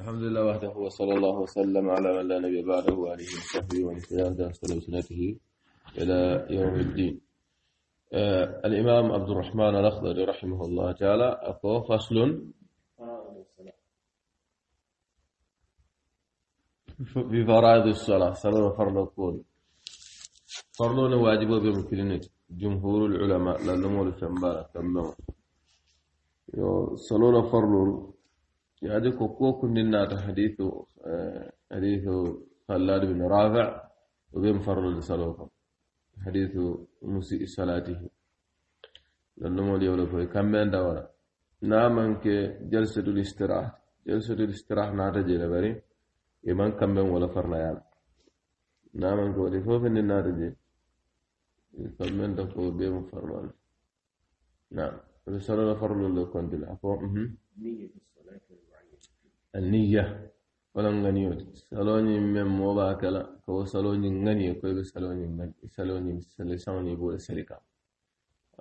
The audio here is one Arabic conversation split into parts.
الحمد لله وحده وصلى الله وسلم على من لا نبي بعده وآله وصحبه ومن خلال درس سنته إلى يوم الدين آه الإمام عبد الرحمن الأخضر رحمه الله تعالى أقوى فصل في فرائض الصلاة صلاة فرض القول فرض واجب بمكلنة جمهور العلماء للمول سنبارة الله صلاة فرض يعني كوكو كنا حديث حديث خلاد بن رافع وبين فرل سلوكم حديث مسيء صلاته لأنه مولي ولا فوي كم من دورة نعم جلسة الاستراحة جلسة الاستراحة نعتجي لبري يمان كم من ولا فرنا يعني نعم أنك ولي فوف إن نعتجي كم من دفو بيم فرمان نعم الصلاة فرض لكون بالعفو نية الصلاة النية ولا غنيو سالوني من موبا كلا كو سالوني غني كو سالوني غني سالوني سالي سالوني بو ساليكا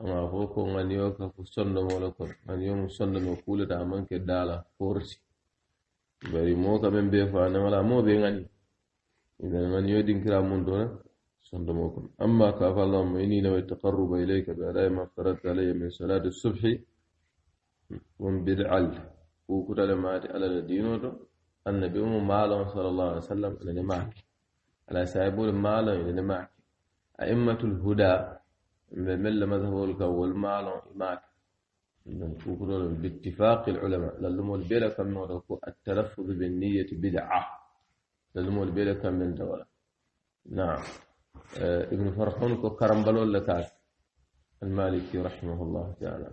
أما فوق غنيو كفو سندو مولكون غنيو سندو مقولة عمان كدالا فورسي بري موكا من بيفانا ولا مو بيغني إذا غنيو دين كلا من دونه صندوقكم أما كاف الله إني نويت التقرب إليك بأداء ما افترضت علي من صلاة الصبح وبدعل وكنت لما على الدين النبي له صلى الله عليه وسلم إلى معك على ما له إلى معك أئمة الهدى من مذهب الكول مالهم معك باتفاق العلماء للمو البيلة كم التلفظ بالنية بدعة للمو البيلة كم من دولة نعم آه، ابن فرحون كو كرمبلو لكات المالكي رحمه الله تعالى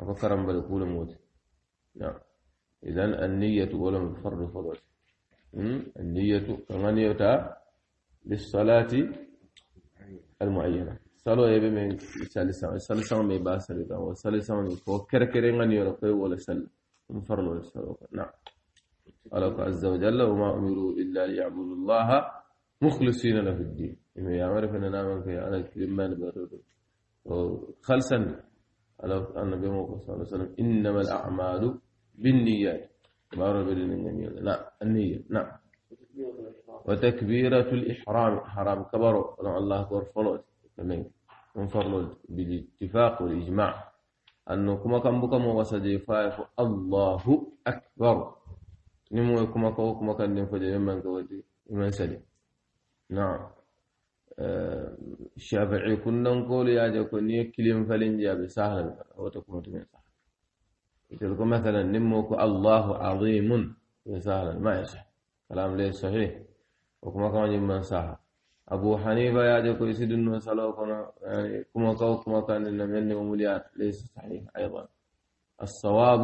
أكو كرمبلو قول موت نعم إذا النية ولم فرد فرد النية كمان للصلاة المعينة صلو يبي من يسال سام يسال سام مي باسل دا وسال سام كو كركرين غني ولا كوي طيب ولا سل مفرلو الصلو نعم الله عز وجل وما أمروا إلا ليعبدوا الله مخلصين له في الدين يعني يعرف أن نعمل في أنا لما نبرر خلصا على النبي صلى الله عليه وسلم إنما الأعمال بالنيات بارو بالنية لا النية نعم وتكبيرة الإحرام حرام كبروا الله أكبر فلوت من فلوت بالاتفاق والإجماع أنه كما كان بكم وسجي الله أكبر نمو كما كان كما كان ينفجر من كوتي من سليم نعم الشافعي كنا نقول يا جاكو كلم كلمة فلن جاب سهلا وتكون تمين سهلا مثلا نموك الله عظيم بسهل ما يصح كلام ليس صحيح وكما كما جمع سهل أبو حنيفة يا جاكو يسيد إنه سلوكنا يعني كما قو كما كان النبي ومليات ليس صحيح أيضا الصواب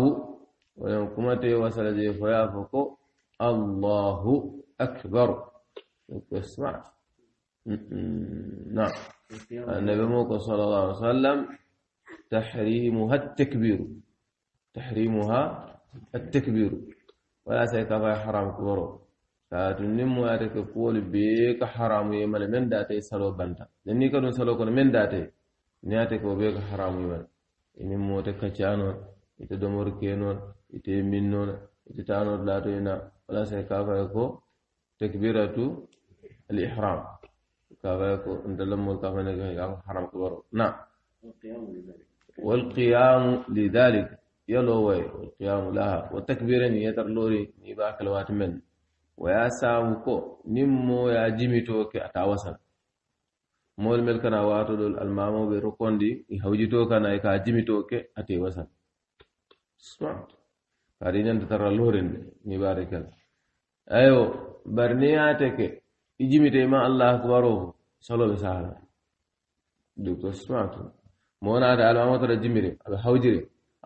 ويوم كما تيوصل ذي فيافكو الله أكبر اسمع نعم النبي موقف صلى الله عليه وسلم تحريمها التكبير تحريمها التكبير ولا سيتضع حرام كبر فتنمو يا تقول بيك حرام يمل من داتي سلو بنتا لني كنو سلو كن من داتي نياتك وبيك حرام يمل إنمو تكتشانو إتدمر كينو إتمنو إتتانو لا تينا ولا سيكافيكو تكبيرة الإحرام كذلك أنت لم تكن حرام كبر نعم والقيام لذلك يلوى والقيام لها وتكبيرا يتر لوري نباك الواتمن ويا ساوكو نمو يا جيمي توكي أتاوسن مول ملكنا واتو دول المامو بيروكون دي يهوجي توكا نايكا جيمي توكي أتاوسن سمعت فارينا تتر لورين نباركا أيوه bari niŋ ye a te ke i jimita i maŋ allahu akubaro fo saloo be saha la docteur smart moo naata alimaamo tara jimire a be hawjire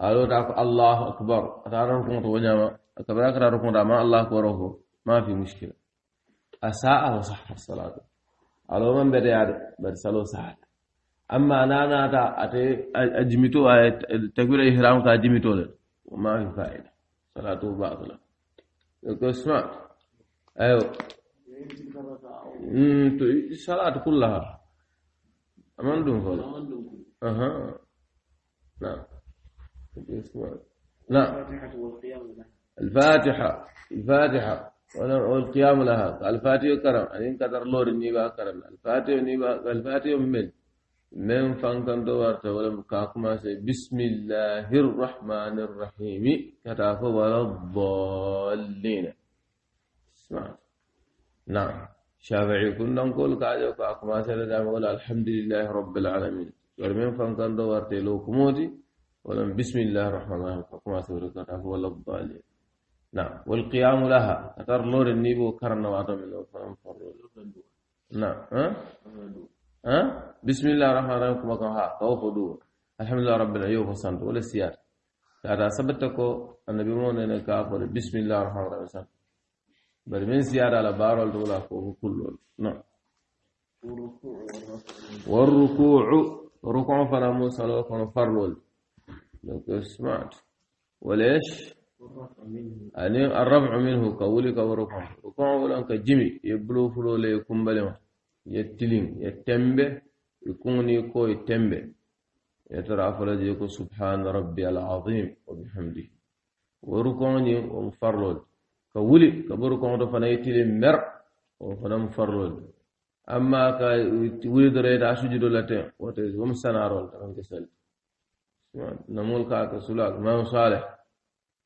aloo taa ko allahu akbar ata ara rukuŋo to wo ñaama kabira kata rukuŋo to a maŋ allahu akubaro fo maa fi muskila a saa a wo saha salatu aloo maŋ beteyaa de bari saloo saha la amma na naata ate a jimito a takbira ihram ka jimito le ma fi faida salatu batila docteur smart ايوه امم الصلاه كلها امان ندوم فضل اها نعم نعم الفاتحة الفاتحة والقيام لها الفاتحة كرم أن كتر لور نيبا كرم الفاتحة نيبا الفاتحة من من فانكن دوار ولم كاكما سي بسم الله الرحمن الرحيم كتاف ولا الضالين سمعت نعم شافعي كنا نقول كاجو كاك ما سلا نقول الحمد لله رب العالمين ورمين فانكان دو ورتي لو كمودي ولم بسم الله الرحمن الرحيم فكما سورك هو الضالين نعم والقيام لها اثر نور النيبو كرنا وعدم الأفهم نعم ها ها بسم الله الرحمن الرحيم كما كان ها كوف دو الحمد لله رب العيوب وصنت ولا سيار هذا سبتكو النبي مون كافر بسم الله الرحمن الرحيم بل من siyada على baarol الدولة ko kullol نعم والركوع ركوع فلا موسى لو كان فرول لو سمعت وليش يعني الرفع منه كولك وركوع ركوع ولا كجمي يبلو فلو ليكم بلما يتلين يتمبه يكون يكو يتمبه يترعف لديك سبحان ربي العظيم وبحمده وركوع ومفرول فولي كبر كونتو فنيتي مر وفنم فرول اما كا ولد ريد اسجد لته وتز ام سنارول تمام كسل نمول كا كسلا ما صالح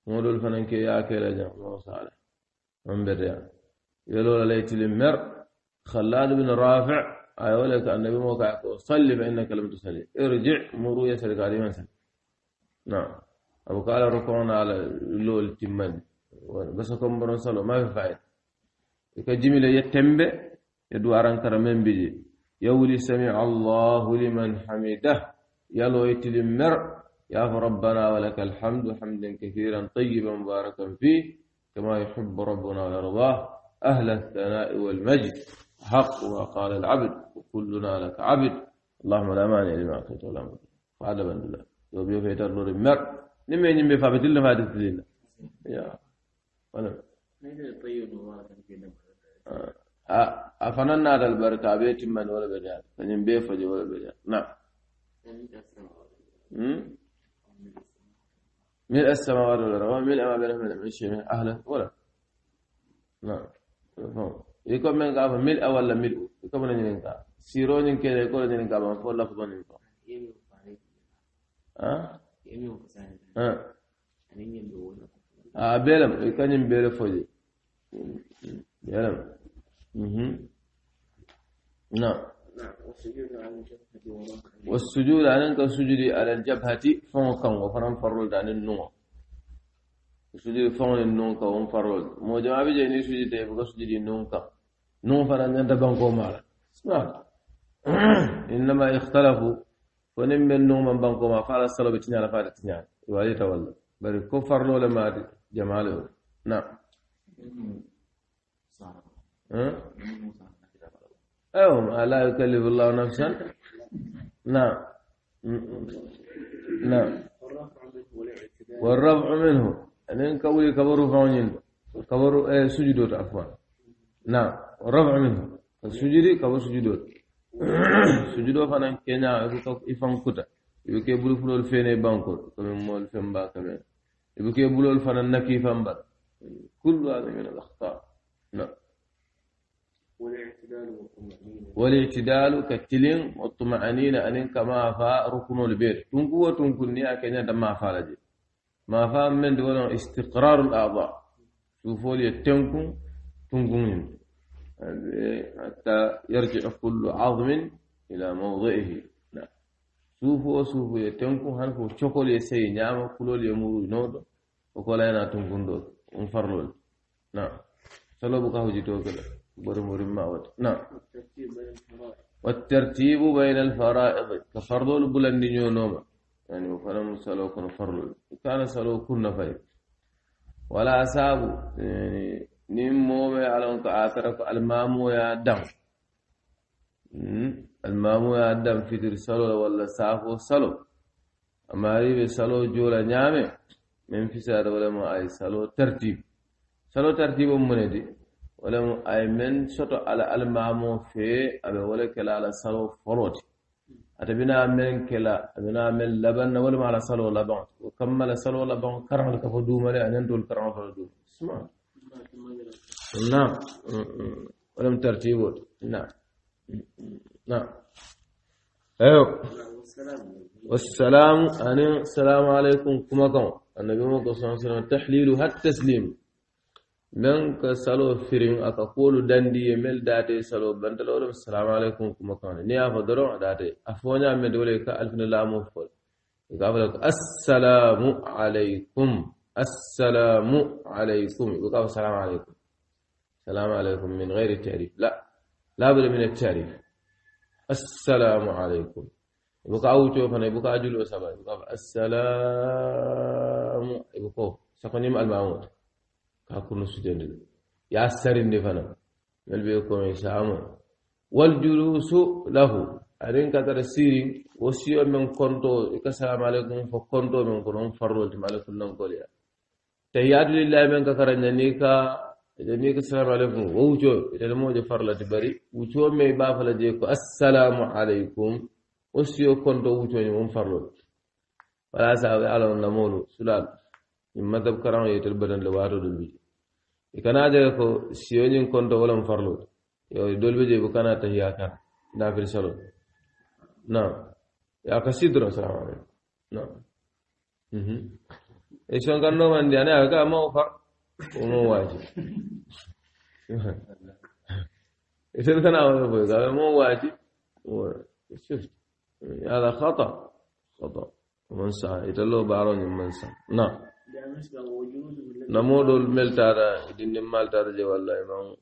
مول الفنان كي ياكل جا ما صالح من بريا يلو ليتي مر خلاد بن رافع ايولك النبي موقع صل فانك لم تصلي ارجع مرو يسرك عليه نعم ابو قال ركعنا على لول تمني بسكم برون سلو ما في فايد إك جميل يتمب يدو أران كرا من بيجي يولي سمع الله لمن حمده يلو يتلم مر يا ربنا ولك الحمد حمدا كثيرا طيبا مباركا فيه كما يحب ربنا ويرضاه أهل الثناء والمجد حق وقال العبد وكلنا لك عبد اللهم لا مانع لما أعطيت ولا مانع فعلى بند الله يوم يوم نور المرء نمي نمي فابت الله فاتت يا yeah. آه، آه، أفنان نار البركة بيت من ولا بجال فنين بيفج ولا بجال نعم ملء السماوات والأرض ملء ما بينهما من شيء أهله ولا نعم يكون من قابل ملء ولا ملء يكون من جنين قابل سيرون كده يكون جنين قابل ما فوق لفظ من فوق ها ها ها a belam i kañum bele foje belam نعم والسجود على كالسجود على الجبهة فوقا وفرن فرول عن النوم sujudi faŋole nuŋ ka won farol moo jama bi je ni sujudi te buka sujudi nuŋ kaŋ nuŋ fana ñanta banko mala innama ikhtalafu fo niŋ be nuŋ man banko ma fa ala salo be tiñala fa ate tiñala iwajita walla bari ko farlo le maati jamaale o na ايوه لا يكلف الله نفسا نعم نعم والرفع منه أنين يعني كولي كبروا فاونين كبروا إيه، سجدوت عفوا نعم والرفع منه السجد كبر سجدوت sujudo فانا keña ifan kuta yo ke bulu fulol fene banko komin mool femba kamen يبكي بلول فننكي فنبر كل هذا من الأخطاء نعم والاعتدال كالتلين والطمأنينة أن كما فا ركن البير تنكو وتنكو نيا دم دما فا لجي ما فا من دون استقرار الأعضاء شوفوا لي تنكو تنكو حتى يرجع كل عظم إلى موضعه suufo suufu ye tenku han ko cokol ye seyi ñaama kulol ye muru no ɗo o kolayana tunkunɗo um farlol na salobu ka hujito kela برمور ما ود نعم والترتيب بين الفرائض كفرض البلند نوما يعني فلم سلو كن فرض كان سلو كن فرض ولا أصاب يعني نمو على أنك آثرك المامو يا دم المامو عندهم فطر سلو ولا سافو سلو أماري بسلو جولا نعمة من في سادة ولا ما أي سلو ترتيب سلو ترتيب مندي ولا ما أي من شتو على المامو في أبي ولا كلا على سلو فروج أتبنا من كلا أتبنا من لبن ولا ما على سلو لبن وكمل سلو لبن كرم الكفدو مري أن ينتول كرم الكفدو اسمع نعم ولم ترتيبه نعم نعم ايوه والسلام أنا السلام عليكم كما كما النبي محمد صلى الله عليه وسلم تحليل التسليم من كسلو فيرين أكقول دندي مل داتي سلو بندلو السلام عليكم كما كما نيا فدرو داتي أفونا مدولي كألف الله مفول يقول السلام عليكم السلام عليكم يقول السلام عليكم السلام عليكم من غير التعريف لا لا بد من التعريف السلام عليكم يبقى أو توفنا يبقى أجل وسبا يبقى السلام يبقى سكنيم المعمود كاكل سجن يا سرين دفنا مل إسلام يسامون والجلوس له أرين كتر سيري وسيو من كنتو السلام عليكم فكنتو من كنون فرولت مالك النقول يا تهيات لله من كتر نيكا إذا ميك السلام عليكم ووجو إذا الموجة فرلة بري وجو مي بافلة ديكو السلام عليكم وسيو كنتو وجو نمون فرلو ولا سعب على النمولو سلال إما تبكران يتلبدن لواتو دلبي إكنا جاكو سيو نين كنتو ولم فرلو يو دلبي جيبو كنا تهيا كان نافل سلو نعم يا كسيدرو السلام عليكم نعم إيشون كان نومان ديانا أكا موفا ومو واجب يصير تناول البيض هذا مو واجب شفت هذا خطأ خطأ منسى لو بارون منسى نعم نمود الملت هذا دين المال ترجع والله ما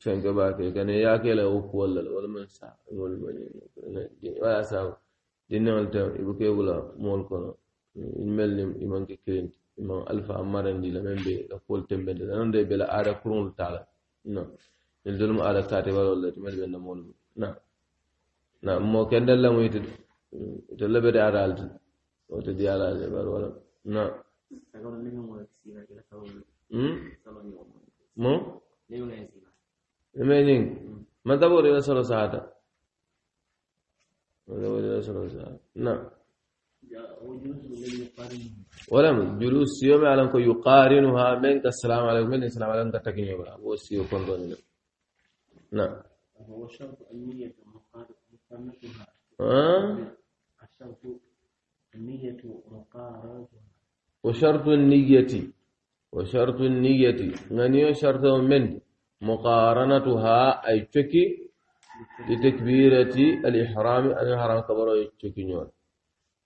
فين كباك كان ياكل أو ولا ولا منسى يقول بني ولا ساو دين المال يبكي ولا مول كنا الملم يمكن كلينت imam alfa ammarandi la men ɓe ka kuwol tembede la non de ɓe la aada kuruŋol taala no min dolum aada kaate wala walla timati ɓe namolu na na mo kendal lamu ite ite labede aada alti ote di ala alti bar wala na mo emeñing man tabori la solo sahata man tabori la solo sahata na ولم جلوس يوم على أنك يقارنها منك السلام عليكم من السلام عليكم تكين يوم هو سيو كون نعم هو شرط النية مقارنتها الشرط النية مقارنتها وشرط النية وشرط النية غنيو شرط من مقارنتها أي تكي لتكبيرة الإحرام أن الحرام كبر يتشكي نيون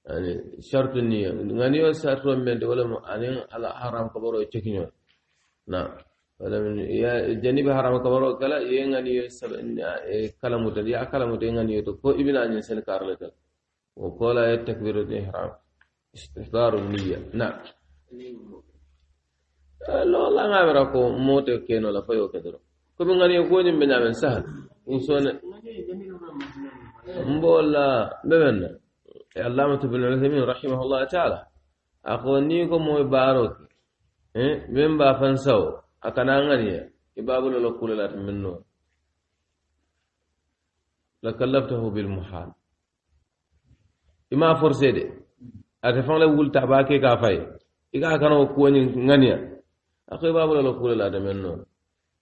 يعني شرط النية غني وسات من ولا أنا يعني على حرام كبر يتكني نعم ولا من يا جنب حرام كبر كلا يغني سب كلا متل يا كلا متل يغني تو كو ابن أني سن كارلك وقال التكبير الإحرام استحضار النية نعم لا لا ما بركو موت كينو لا فيو كدرو كم غني يكون من سهل إنسان مبولا بمنا علامة ابن العثيمين رحمه الله تعالى أخونيكم ويبارك إيه بين بافنسو أكن أغنية إباب لو لقول لا تمنو لكلفته بالمحال إما فرسيد أتفعل ول تباكي كافي إذا كانوا كوني غنية أخي باب لو لقول لا تمنو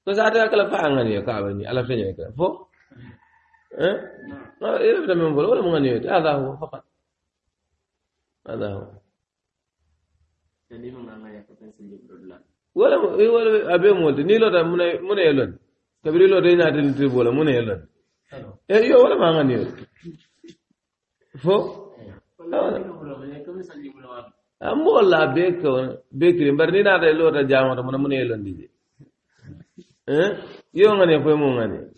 كذا أتفعل كلفة أغنية كابني على فين يكلف فو إيه لا نعم. إيه لا تمنو ولا مغنية هذا هو فقط هذا هو يعني ولا إيه، ولا أبي موت نيلو دا من من يلون كبير لو دينا تلتي بولا من يلون أيوة إيه، إيه، ولا ما عن يلون فو أيوه. يعني أمو الله بيك بيكري برني نا دا لو دا جامع دا من من يلون دي ها يوم غني فو مو غني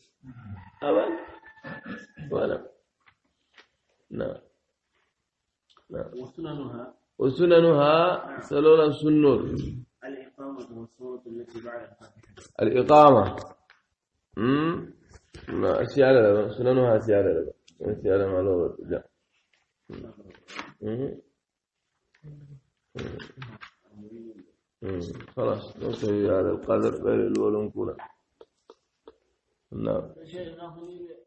أبا ولا نعم وسننها وسننها سلولا سنور الإقامة والصورة التي بعد الفاتحة الإقامة امم ما سيالة لبا سننها سيالة لبا سيالة ما لغة لا خلاص نصلي على القدر غير الولون كله نعم